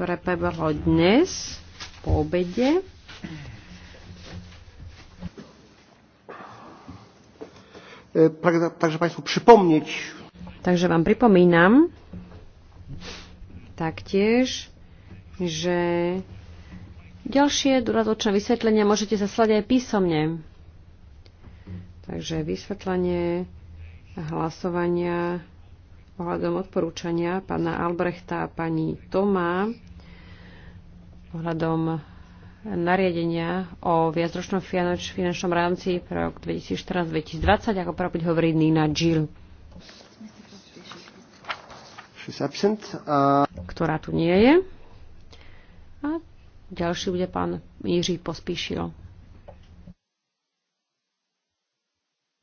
ktoré prebehlo dnes po obede. E, takže Państwu przypomnieć. Takže vám pripomínam taktiež, že ďalšie dodatočné vysvetlenia môžete zaslať aj písomne. Takže vysvetlenie hlasovania ohľadom odporúčania pána Albrechta a pani Tomá ohľadom nariadenia o viacročnom finančnom rámci pre rok 2014-2020, ako práve hovorí Nina Gill. Ktorá tu nie je. A ďalší bude pán Jiří Pospíšil.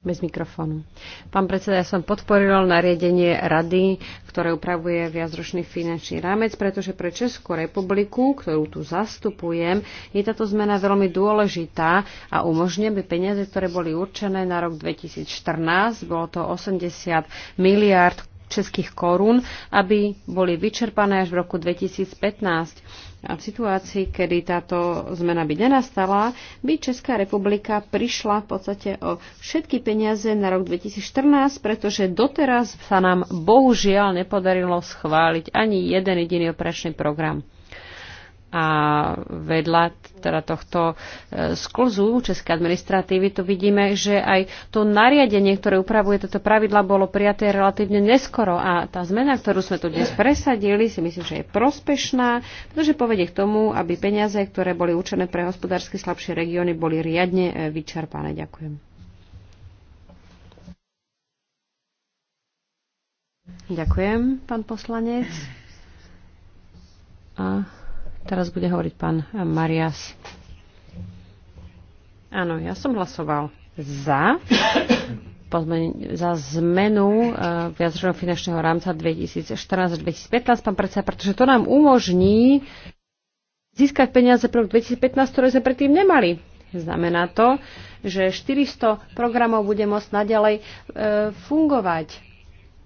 Bez mikrofónu. Pán predseda, ja som podporil nariadenie rady, ktoré upravuje viacročný finančný rámec, pretože pre Českú republiku, ktorú tu zastupujem, je táto zmena veľmi dôležitá a umožňuje by peniaze, ktoré boli určené na rok 2014, bolo to 80 miliard českých korún, aby boli vyčerpané až v roku 2015. A v situácii, kedy táto zmena by nenastala, by Česká republika prišla v podstate o všetky peniaze na rok 2014, pretože doteraz sa nám bohužiaľ nepodarilo schváliť ani jeden jediný operačný program. A vedľa teda tohto e, sklzu českej administratívy tu vidíme, že aj to nariadenie, ktoré upravuje toto pravidla, bolo prijaté relatívne neskoro. A tá zmena, ktorú sme tu dnes presadili, si myslím, že je prospešná, pretože povedie k tomu, aby peniaze, ktoré boli určené pre hospodársky slabšie regióny, boli riadne e, vyčerpané. Ďakujem. Ďakujem, pán poslanec. A Teraz bude hovoriť pán Marias. Áno, ja som hlasoval za, za zmenu uh, viacročného finančného rámca 2014-2015, pán predseda, pretože to nám umožní získať peniaze pre 2015, ktoré sme predtým nemali. Znamená to, že 400 programov bude môcť naďalej e, fungovať.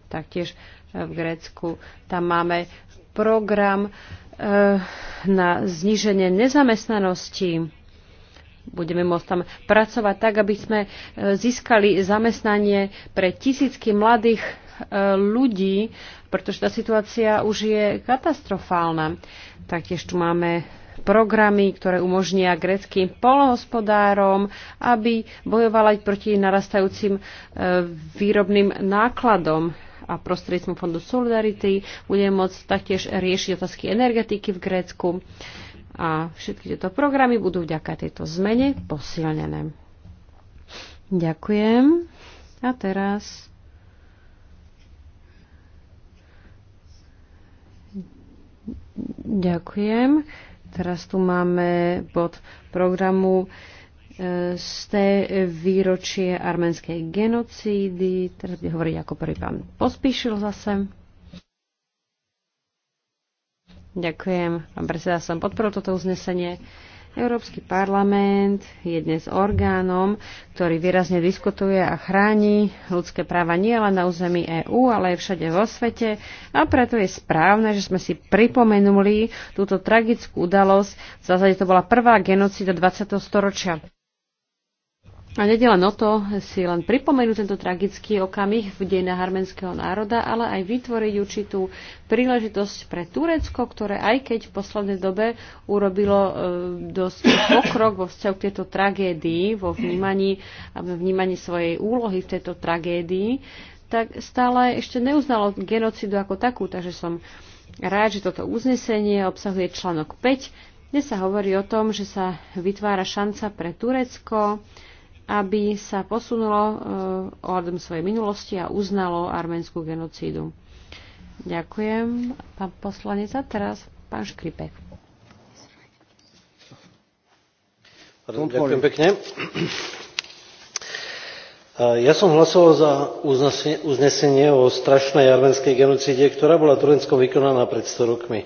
Taktiež v Grécku tam máme program Eh, na zníženie nezamestnanosti. Budeme môcť tam pracovať tak, aby sme eh, získali zamestnanie pre tisícky mladých eh, ľudí, pretože tá situácia už je katastrofálna. Taktiež tu máme programy, ktoré umožnia greckým polohospodárom, aby bojovali proti narastajúcim výrobným nákladom a prostredníctvom Fondu Solidarity. Budeme môcť taktiež riešiť otázky energetiky v Grécku a všetky tieto programy budú vďaka tejto zmene posilnené. Ďakujem. A teraz Ďakujem. Teraz tu máme bod programu sté výročie arménskej genocídy. Teraz by hovoriť ako prvý pán Pospíšil zase. Ďakujem. Pán predseda, som podporil toto uznesenie. Európsky parlament je dnes orgánom, ktorý výrazne diskutuje a chráni ľudské práva nie len na území EÚ, ale aj všade vo svete. A preto je správne, že sme si pripomenuli túto tragickú udalosť. V zásade to bola prvá genocída 20. storočia. A nede len o to si len pripomenúť tento tragický okamih v dejinách arménskeho národa, ale aj vytvoriť určitú príležitosť pre Turecko, ktoré aj keď v poslednej dobe urobilo e, dosť pokrok vo vzťahu k tejto tragédii, vo vnímaní, vnímaní svojej úlohy v tejto tragédii, tak stále ešte neuznalo genocidu ako takú. Takže som rád, že toto uznesenie obsahuje článok 5, kde sa hovorí o tom, že sa vytvára šanca pre Turecko, aby sa posunulo e, ohľadom svojej minulosti a uznalo arménskú genocídu. Ďakujem, pán poslanec. A teraz pán Škripek. Ďakujem pekne. Ja som hlasoval za uznesenie o strašnej arménskej genocíde, ktorá bola Tureckom vykonaná pred 100 rokmi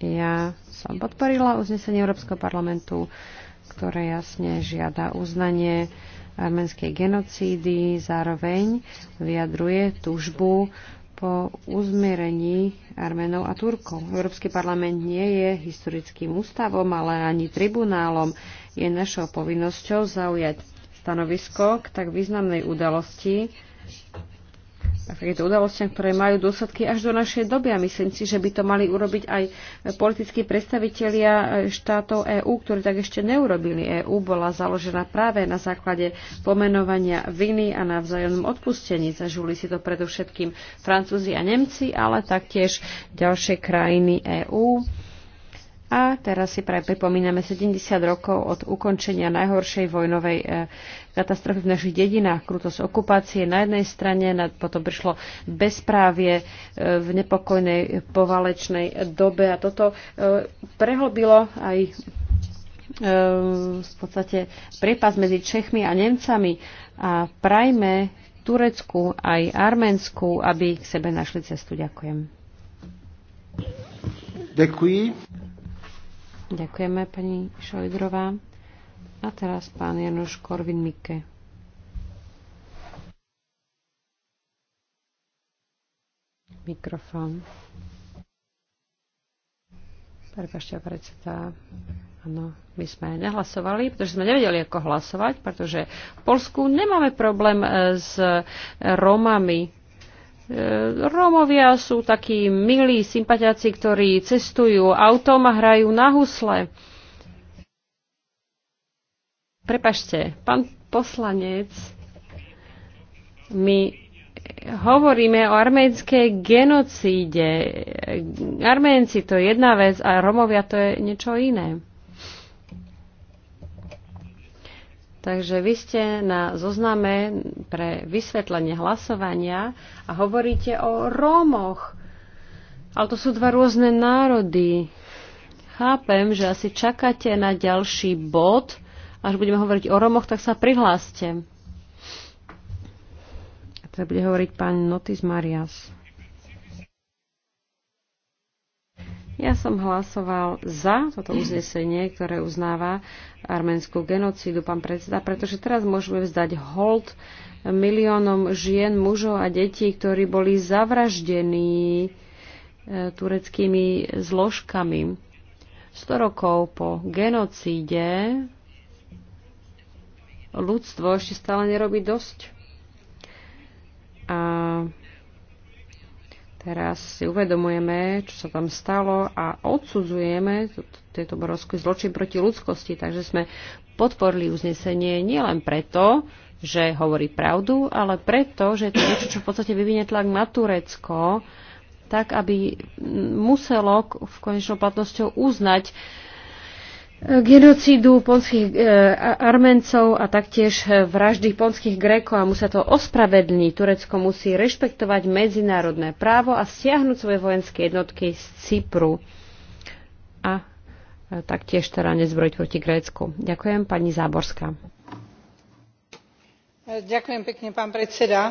Ja som podporila uznesenie Európskeho parlamentu, ktoré jasne žiada uznanie arménskej genocídy, zároveň vyjadruje túžbu po uzmierení Arménov a Turkov. Európsky parlament nie je historickým ústavom, ale ani tribunálom. Je našou povinnosťou zaujať stanovisko k tak významnej udalosti, takýmto udalostiam, ktoré majú dôsledky až do našej doby. A myslím si, že by to mali urobiť aj politickí predstavitelia e, štátov EÚ, ktorí tak ešte neurobili. EÚ bola založená práve na základe pomenovania viny a na vzájomnom odpustení. Zažili si to predovšetkým Francúzi a Nemci, ale taktiež ďalšie krajiny EÚ a teraz si práve pripomíname 70 rokov od ukončenia najhoršej vojnovej e, katastrofy v našich dedinách, krutosť okupácie na jednej strane, potom prišlo bezprávie e, v nepokojnej povalečnej dobe a toto e, prehlbilo aj v podstate priepas medzi Čechmi a Nemcami a prajme Turecku aj Arménsku, aby k sebe našli cestu. Ďakujem. Ďakujem. Ďakujeme, pani Šojdrová. A teraz pán Janoš Korvin-Mikke. Mikrofón. Prepašte, predseda. Áno, my sme nehlasovali, pretože sme nevedeli, ako hlasovať, pretože v Polsku nemáme problém e, s Romami. Rómovia sú takí milí sympatiaci, ktorí cestujú autom a hrajú na husle. Prepašte, pán poslanec, my hovoríme o arménskej genocíde. Arménci to je jedna vec a Romovia to je niečo iné. Takže vy ste na zozname pre vysvetlenie hlasovania a hovoríte o Rómoch. Ale to sú dva rôzne národy. Chápem, že asi čakáte na ďalší bod. Až budeme hovoriť o Rómoch, tak sa prihláste. A teda bude hovoriť pán Notis Marias. Ja som hlasoval za toto uznesenie, ktoré uznáva arménskú genocídu, pán predseda, pretože teraz môžeme vzdať hold miliónom žien, mužov a detí, ktorí boli zavraždení e, tureckými zložkami. 100 rokov po genocíde ľudstvo ešte stále nerobí dosť. A Teraz si uvedomujeme, čo sa tam stalo a odsudzujeme tieto obrovský zločin proti ľudskosti. Takže sme podporili uznesenie nielen preto, že hovorí pravdu, ale preto, že to niečo, čo v podstate vyvinie tlak na Turecko, tak aby muselo v konečnou platnosťou uznať genocídu ponských e, Armencov a taktiež e, vraždy ponských Grékov a musia to ospravedlniť. Turecko musí rešpektovať medzinárodné právo a stiahnuť svoje vojenské jednotky z Cypru a e, taktiež teda nezbrojiť proti Grécku. Ďakujem, pani Záborská. Ďakujem pekne, pán predseda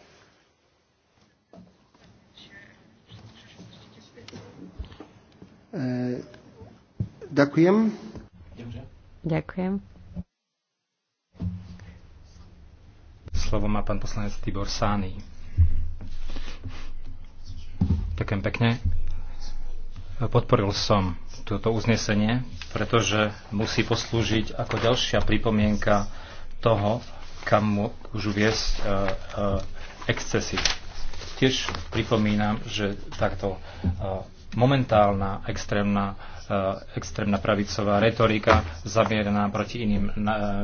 E, ďakujem. Ďakujem. Slovo má pán poslanec Tibor Sány. Ďakujem pekne. Podporil som toto uznesenie, pretože musí poslúžiť ako ďalšia pripomienka toho, kam môžu viesť e, e, excesy. Tiež pripomínam, že takto e, momentálna extrémna, eh, extrémna pravicová retorika zamierená proti iným eh,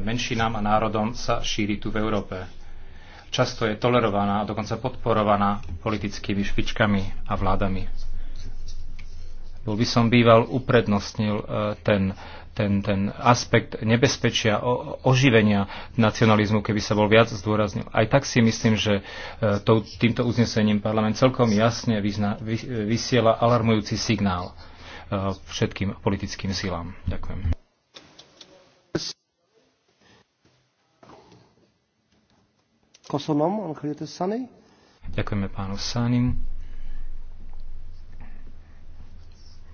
menšinám a národom sa šíri tu v Európe. Často je tolerovaná a dokonca podporovaná politickými špičkami a vládami. Bol by som býval uprednostnil eh, ten ten, ten aspekt nebezpečia, o, oživenia nacionalizmu, keby sa bol viac zdôraznil. Aj tak si myslím, že e, to, týmto uznesením parlament celkom jasne vyzna, vy, vysiela alarmujúci signál e, všetkým politickým silám. Ďakujem. Ďakujeme pánu Sanim.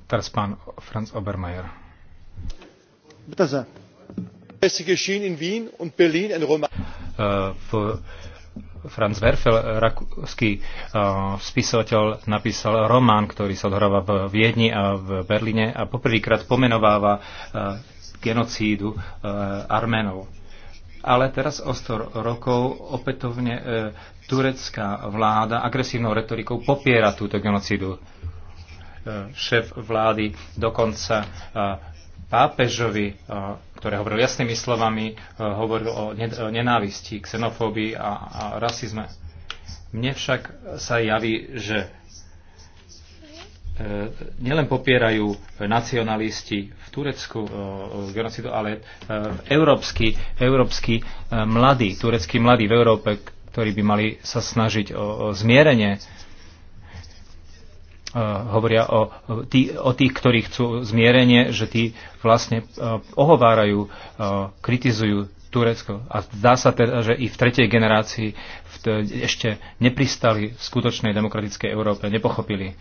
Teraz pán Franz Obermeier. Äh, Franz Werfel, äh, rakúsky äh, spisovateľ, napísal román, ktorý sa odhráva v Viedni a v Berlíne a poprvýkrát pomenováva genocídu Arménov. Ale teraz o 100 rokov opätovne turecká vláda agresívnou retorikou popiera túto genocídu. Šéf vlády dokonca pápežovi, eh, ktoré hovoril jasnými slovami, eh, hovoril o eh, nenávisti, xenofóbii a, a rasizme. Mne však sa javí, že nielen popierajú nacionalisti v Turecku genocidu, ale európsky, európsky mladí, tureckí mladí v Európe, ktorí by mali sa snažiť o, o zmierenie Eh, hovoria o, tí, o tých, ktorí chcú zmierenie, že tí vlastne eh, ohovárajú, eh, kritizujú Turecko. A zdá sa teda, že i v tretej generácii v ešte nepristali v skutočnej demokratickej Európe, nepochopili.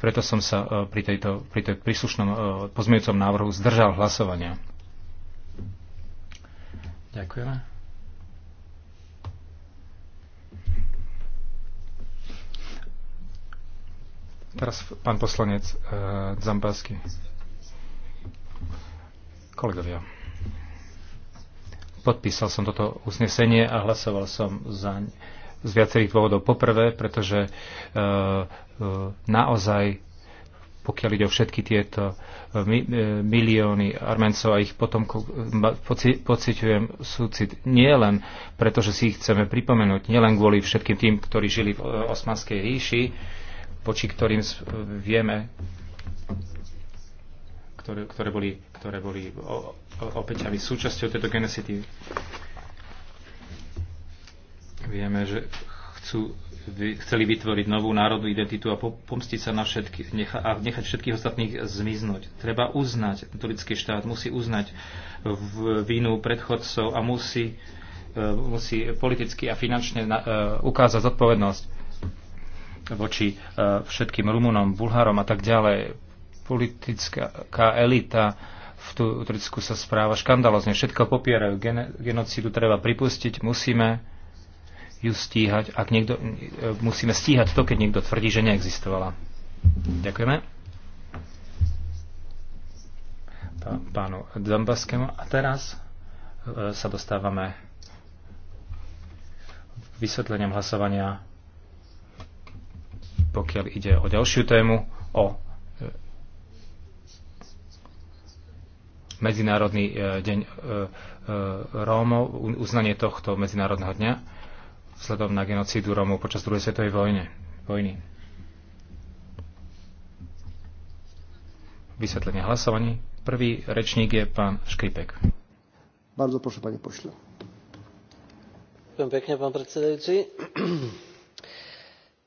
Preto som sa pri, tejto, pri tej príslušnom pozmejúcom návrhu zdržal hlasovania. Ďakujeme. Teraz pán poslanec uh, eh, Zambásky. Kolegovia, podpísal som toto uznesenie a hlasoval som za z viacerých dôvodov. Poprvé, pretože uh, naozaj pokiaľ ide o všetky tieto milióny Armencov a ich potomkov, poci, pociťujem súcit nie len preto, že si ich chceme pripomenúť, nielen kvôli všetkým tým, ktorí žili v Osmanskej ríši, voči ktorým vieme, ktoré, ktoré boli, ktoré boli opäťami súčasťou tejto genesity. Vieme, že chcú, chceli vytvoriť novú národnú identitu a pomstiť sa na všetky, necha, a nechať všetkých ostatných zmiznúť. Treba uznať, turický štát musí uznať v, vínu predchodcov a musí, e, musí politicky a finančne e, ukázať zodpovednosť voči e, všetkým Rumunom, Bulharom a tak ďalej. Politická elita v Turecku sa správa škandalozne. Všetko popierajú. Genocídu treba pripustiť, musíme ju stíhať, ak niekto, e, musíme stíhať to, keď niekto tvrdí, že neexistovala. Ďakujeme. Pánu Dambaskému. A teraz e, sa dostávame k vysvetleniam hlasovania pokiaľ ide o ďalšiu tému, o e, Medzinárodný e, deň e, Rómov, uznanie tohto Medzinárodného dňa vzhľadom na genocídu Rómov počas druhej svetovej vojne, vojny. Vysvetlenie hlasovaní. Prvý rečník je pán Škripek. Bardzo proszę, panie pośle. Pekne, pán predsedajúci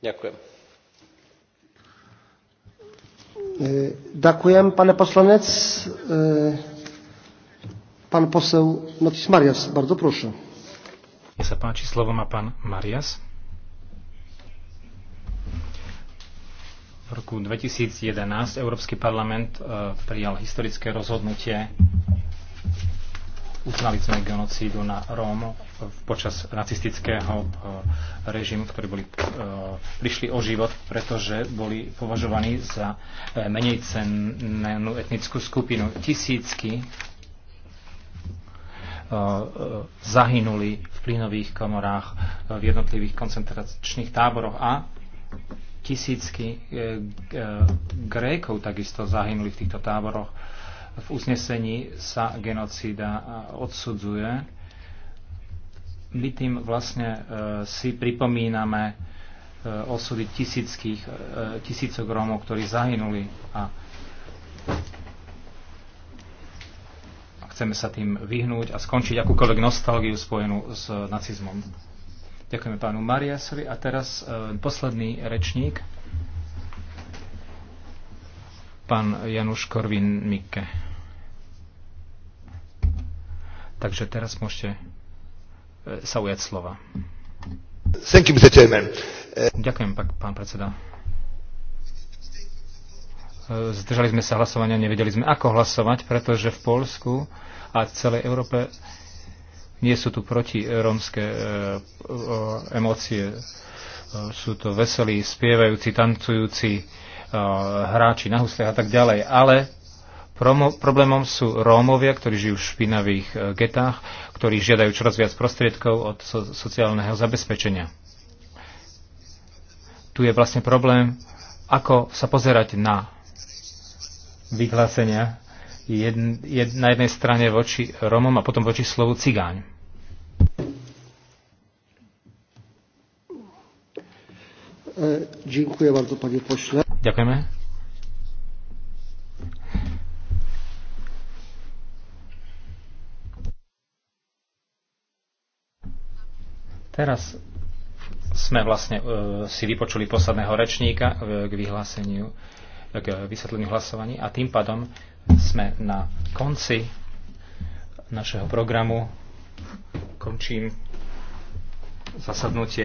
Ďakujem. E, ďakujem, pane poslanec. E, pán poseł Notis Marias, bardzo proszę. Nech sa páči, slovo má pán Marias. V roku 2011 Európsky parlament e, prijal historické rozhodnutie uznali sme genocídu na Róm počas nacistického eh, režimu, ktorí boli, eh, prišli o život, pretože boli považovaní za eh, menej cennú etnickú skupinu. Tisícky zahynuli v plynových komorách, v jednotlivých koncentračných táboroch a tisícky Grékov takisto zahynuli v týchto táboroch v uznesení sa genocída e, odsudzuje. My tým vlastne e, si pripomíname e, osudy tisíckých, tisícok Rómov, ktorí zahynuli a chceme sa tým vyhnúť a skončiť akúkoľvek nostalgiu spojenú s nacizmom. Ďakujeme pánu Mariasovi a teraz posledný rečník, pán Januš Korvin-Mikke. Takže teraz môžete e, sa ujať slova. Thank you, Mr. Chairman. E, Ďakujem, pán predseda. E, zdržali sme sa hlasovania, nevedeli sme, ako hlasovať, pretože v Polsku a celej Európe nie sú tu proti rómske emócie. Sú to veselí, spievajúci, tancujúci, hráči na husliach a tak ďalej. Ale Problémom sú Rómovia, ktorí žijú v špinavých e, getách, ktorí žiadajú čoraz viac prostriedkov od so- sociálneho zabezpečenia. Tu je vlastne problém, ako sa pozerať na vyhlásenia jed, na jednej strane voči Rómom a potom voči slovu cigáň. E, Ďakujeme. Teraz sme vlastne e, si vypočuli posledného rečníka e, k vyhláseniu, k vysvetleniu hlasovaní a tým pádom sme na konci našeho programu. Končím zasadnutie.